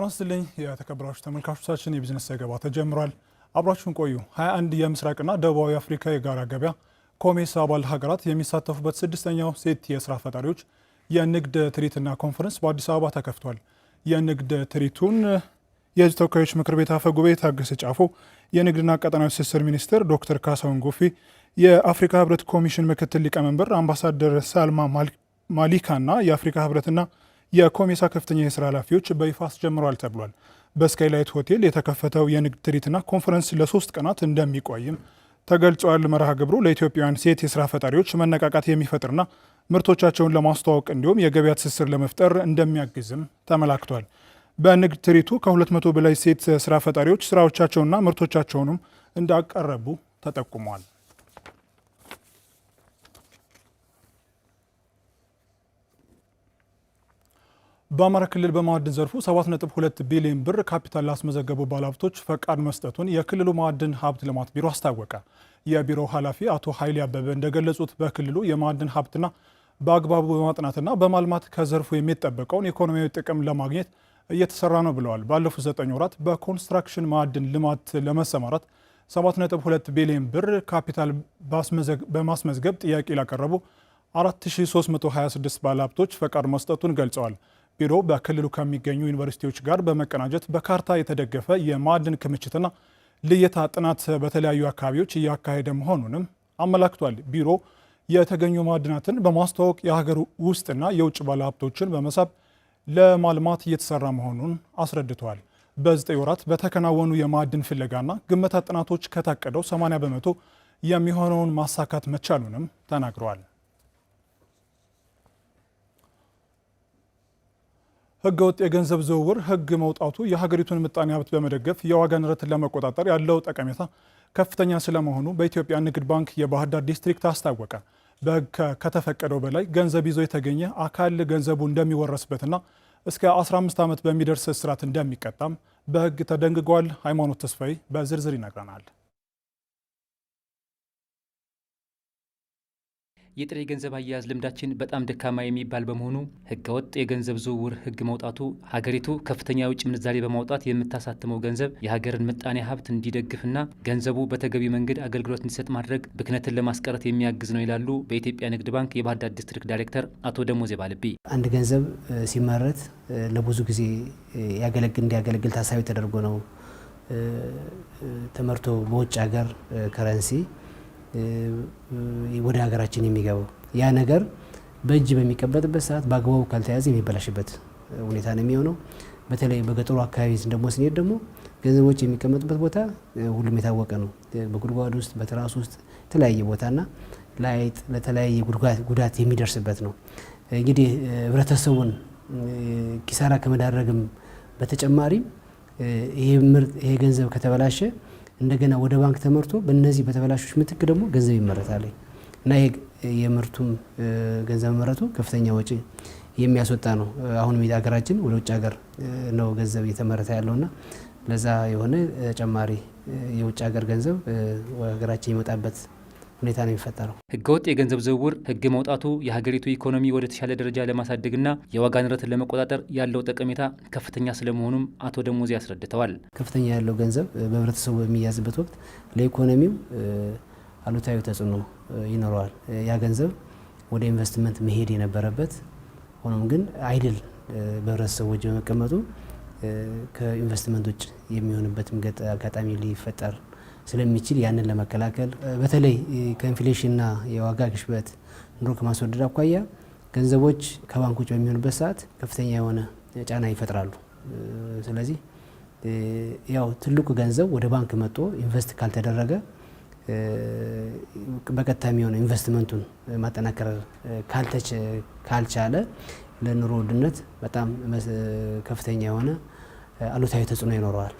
አናስትልኝ የተከበራችሁ ተመልካቾቻችን የቢዝነስ ዘገባ ተጀምሯል። አብራችሁን ቆዩ። 21 የምስራቅና ደቡባዊ አፍሪካ የጋራ ገበያ ኮሜስ አባል ሀገራት የሚሳተፉበት ስድስተኛው ሴት የስራ ፈጣሪዎች የንግድ ትርኢትና ኮንፈረንስ በአዲስ አበባ ተከፍቷል። የንግድ ትርኢቱን የህዝብ ተወካዮች ምክር ቤት አፈ ጉባኤ ታገሰ ጫፎ፣ የንግድና ቀጠናዊ ትስስር ሚኒስትር ዶክተር ካሳሁን ጎፌ፣ የአፍሪካ ህብረት ኮሚሽን ምክትል ሊቀመንበር አምባሳደር ሳልማ ማሊካና የአፍሪካ ህብረትና የኮሜሳ ከፍተኛ የስራ ኃላፊዎች በይፋ አስጀምረዋል ተብሏል። በስካይላይት ሆቴል የተከፈተው የንግድ ትርኢትና ኮንፈረንስ ለሶስት ቀናት እንደሚቆይም ተገልጿል። መርሃ ግብሩ ለኢትዮጵያውያን ሴት የስራ ፈጣሪዎች መነቃቃት የሚፈጥርና ምርቶቻቸውን ለማስተዋወቅ እንዲሁም የገበያ ትስስር ለመፍጠር እንደሚያግዝም ተመላክቷል። በንግድ ትርኢቱ ከ200 በላይ ሴት ስራ ፈጣሪዎች ስራዎቻቸውና ምርቶቻቸውንም እንዳቀረቡ ተጠቁሟል። በአማራ ክልል በማዕድን ዘርፉ 7.2 ቢሊዮን ብር ካፒታል ላስመዘገቡ ባለሀብቶች ፈቃድ መስጠቱን የክልሉ ማዕድን ሀብት ልማት ቢሮ አስታወቀ። የቢሮው ኃላፊ አቶ ኃይሌ አበበ እንደገለጹት በክልሉ የማዕድን ሀብትና በአግባቡ በማጥናትና በማልማት ከዘርፉ የሚጠበቀውን ኢኮኖሚያዊ ጥቅም ለማግኘት እየተሰራ ነው ብለዋል። ባለፉት 9 ወራት በኮንስትራክሽን ማዕድን ልማት ለመሰማራት 7.2 ቢሊዮን ብር ካፒታል በማስመዝገብ ጥያቄ ላቀረቡ 4326 ባለሀብቶች ፈቃድ መስጠቱን ገልጸዋል። ቢሮ በክልሉ ከሚገኙ ዩኒቨርሲቲዎች ጋር በመቀናጀት በካርታ የተደገፈ የማዕድን ክምችትና ልየታ ጥናት በተለያዩ አካባቢዎች እያካሄደ መሆኑንም አመላክቷል። ቢሮ የተገኙ ማዕድናትን በማስተዋወቅ የሀገር ውስጥና የውጭ ባለሀብቶችን በመሳብ ለማልማት እየተሰራ መሆኑን አስረድተዋል። በዘጠኝ ወራት በተከናወኑ የማዕድን ፍለጋና ግመታ ጥናቶች ከታቀደው 80 በመቶ የሚሆነውን ማሳካት መቻሉንም ተናግረዋል። ህገ ወጥ የገንዘብ ዝውውር ህግ መውጣቱ የሀገሪቱን ምጣኔ ሀብት በመደገፍ የዋጋ ንረትን ለመቆጣጠር ያለው ጠቀሜታ ከፍተኛ ስለመሆኑ በኢትዮጵያ ንግድ ባንክ የባህር ዳር ዲስትሪክት አስታወቀ። በህግ ከተፈቀደው በላይ ገንዘብ ይዞ የተገኘ አካል ገንዘቡ እንደሚወረስበትና እስከ 15 ዓመት በሚደርስ እስራት እንደሚቀጣም በህግ ተደንግጓል። ሃይማኖት ተስፋዬ በዝርዝር ይነግረናል። የጥሬ ገንዘብ አያያዝ ልምዳችን በጣም ደካማ የሚባል በመሆኑ ህገወጥ የገንዘብ ዝውውር ህግ መውጣቱ ሀገሪቱ ከፍተኛ የውጭ ምንዛሬ በማውጣት የምታሳትመው ገንዘብ የሀገርን ምጣኔ ሀብት እንዲደግፍና ገንዘቡ በተገቢ መንገድ አገልግሎት እንዲሰጥ ማድረግ ብክነትን ለማስቀረት የሚያግዝ ነው ይላሉ በኢትዮጵያ ንግድ ባንክ የባህር ዳር ዲስትሪክት ዳይሬክተር አቶ ደሞዜ ባልቤ። አንድ ገንዘብ ሲመረት ለብዙ ጊዜ ያገለግል እንዲያገለግል ታሳቢ ተደርጎ ነው ተመርቶ በውጭ ሀገር ከረንሲ ወደ ሀገራችን የሚገባው። ያ ነገር በእጅ በሚቀመጥበት ሰዓት በአግባቡ ካልተያዘ የሚበላሽበት ሁኔታ ነው የሚሆነው። በተለይ በገጠሩ አካባቢ ደግሞ ስንሄድ ደግሞ ገንዘቦች የሚቀመጡበት ቦታ ሁሉም የታወቀ ነው። በጉድጓድ ውስጥ፣ በትራስ ውስጥ የተለያየ ቦታና ለአይጥ ለተለያየ ጉዳት የሚደርስበት ነው። እንግዲህ ህብረተሰቡን ኪሳራ ከመዳረግም በተጨማሪም ይሄ ገንዘብ ከተበላሸ እንደገና ወደ ባንክ ተመርቶ በእነዚህ በተበላሾች ምትክ ደግሞ ገንዘብ ይመረታል እና ይሄ የምርቱም ገንዘብ መረቱ ከፍተኛ ወጪ የሚያስወጣ ነው። አሁን ሜዳ ሀገራችን ወደ ውጭ ሀገር ነው ገንዘብ እየተመረተ ያለውና ለዛ የሆነ ተጨማሪ የውጭ ሀገር ገንዘብ ሀገራችን ይመጣበት ሁኔታ ነው የሚፈጠረው። ህገወጥ የገንዘብ ዝውውር ህግ መውጣቱ የሀገሪቱ ኢኮኖሚ ወደ ተሻለ ደረጃ ለማሳደግና የዋጋ ንረት ለመቆጣጠር ያለው ጠቀሜታ ከፍተኛ ስለመሆኑም አቶ ደሞዜ አስረድተዋል። ከፍተኛ ያለው ገንዘብ በህብረተሰቡ በሚያዝበት ወቅት ለኢኮኖሚው አሉታዊ ተጽዕኖ ይኖረዋል። ያ ገንዘብ ወደ ኢንቨስትመንት መሄድ የነበረበት ሆኖም ግን አይድል በህብረተሰቡ እጅ በመቀመጡ ከኢንቨስትመንት ውጭ የሚሆንበትም አጋጣሚ ሊፈጠር ስለሚችል ያንን ለመከላከል በተለይ ከኢንፍሌሽንና የዋጋ ግሽበት ኑሮ ከማስወደድ አኳያ ገንዘቦች ከባንኮች በሚሆኑበት ሰዓት ከፍተኛ የሆነ ጫና ይፈጥራሉ። ስለዚህ ያው ትልቁ ገንዘብ ወደ ባንክ መጥቶ ኢንቨስት ካልተደረገ በቀጥታ የሚሆነ ኢንቨስትመንቱን ማጠናከር ካልቻለ ለኑሮ ውድነት በጣም ከፍተኛ የሆነ አሉታዊ ተጽዕኖ ይኖረዋል።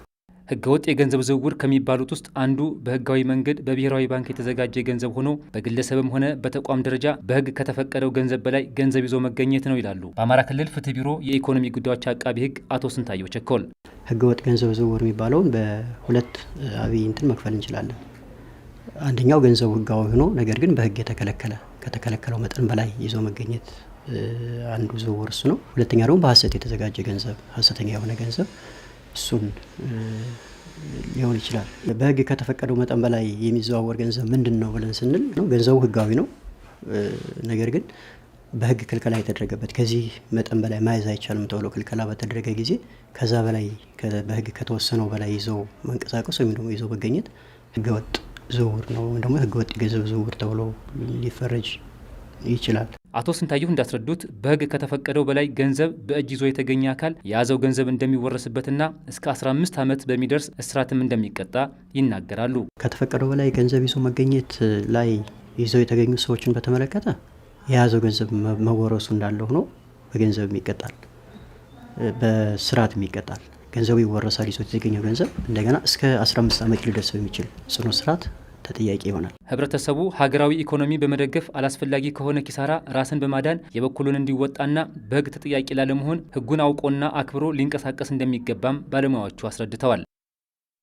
ህገወጥ የገንዘብ ዝውውር ከሚባሉት ውስጥ አንዱ በህጋዊ መንገድ በብሔራዊ ባንክ የተዘጋጀ ገንዘብ ሆኖ በግለሰብም ሆነ በተቋም ደረጃ በህግ ከተፈቀደው ገንዘብ በላይ ገንዘብ ይዞ መገኘት ነው ይላሉ በአማራ ክልል ፍትህ ቢሮ የኢኮኖሚ ጉዳዮች አቃቢ ህግ አቶ ስንታየው ቸኮል። ህገወጥ ገንዘብ ዝውውር የሚባለውን በሁለት አብይ እንትን መክፈል እንችላለን። አንደኛው ገንዘቡ ህጋዊ ሆኖ ነገር ግን በህግ የተከለከለ ከተከለከለው መጠን በላይ ይዞ መገኘት አንዱ ዝውውር እሱ ነው። ሁለተኛ ደግሞ በሀሰት የተዘጋጀ ገንዘብ ሀሰተኛ የሆነ ገንዘብ እሱን ሊሆን ይችላል። በህግ ከተፈቀደው መጠን በላይ የሚዘዋወር ገንዘብ ምንድን ነው ብለን ስንል ነው ገንዘቡ ህጋዊ ነው፣ ነገር ግን በህግ ክልከላ የተደረገበት ከዚህ መጠን በላይ መያዝ አይቻልም ተብሎ ክልከላ በተደረገ ጊዜ ከዛ በላይ በህግ ከተወሰነው በላይ ይዘው መንቀሳቀስ ወይም ደግሞ ይዘው መገኘት ህገወጥ ዝውውር ነው ወይም ደግሞ ህገወጥ የገንዘብ ዝውውር ተብሎ ሊፈረጅ ይችላል። አቶ ስንታየሁ እንዳስረዱት በህግ ከተፈቀደው በላይ ገንዘብ በእጅ ይዞ የተገኘ አካል የያዘው ገንዘብ እንደሚወረስበትና እስከ 15 ዓመት በሚደርስ እስራትም እንደሚቀጣ ይናገራሉ። ከተፈቀደው በላይ ገንዘብ ይዞ መገኘት ላይ ይዘው የተገኙ ሰዎችን በተመለከተ የያዘው ገንዘብ መወረሱ እንዳለ ሆኖ በገንዘብ ይቀጣል፣ በስርዓት ይቀጣል። ገንዘቡ ይወረሳል። ይዞ የተገኘው ገንዘብ እንደገና እስከ 15 ዓመት ሊደርስ በሚችል ጽኑ እስራት ተጠያቂ ይሆናል። ህብረተሰቡ ሀገራዊ ኢኮኖሚ በመደገፍ አላስፈላጊ ከሆነ ኪሳራ ራስን በማዳን የበኩሉን እንዲወጣና በህግ ተጠያቂ ላለመሆን ህጉን አውቆና አክብሮ ሊንቀሳቀስ እንደሚገባም ባለሙያዎቹ አስረድተዋል።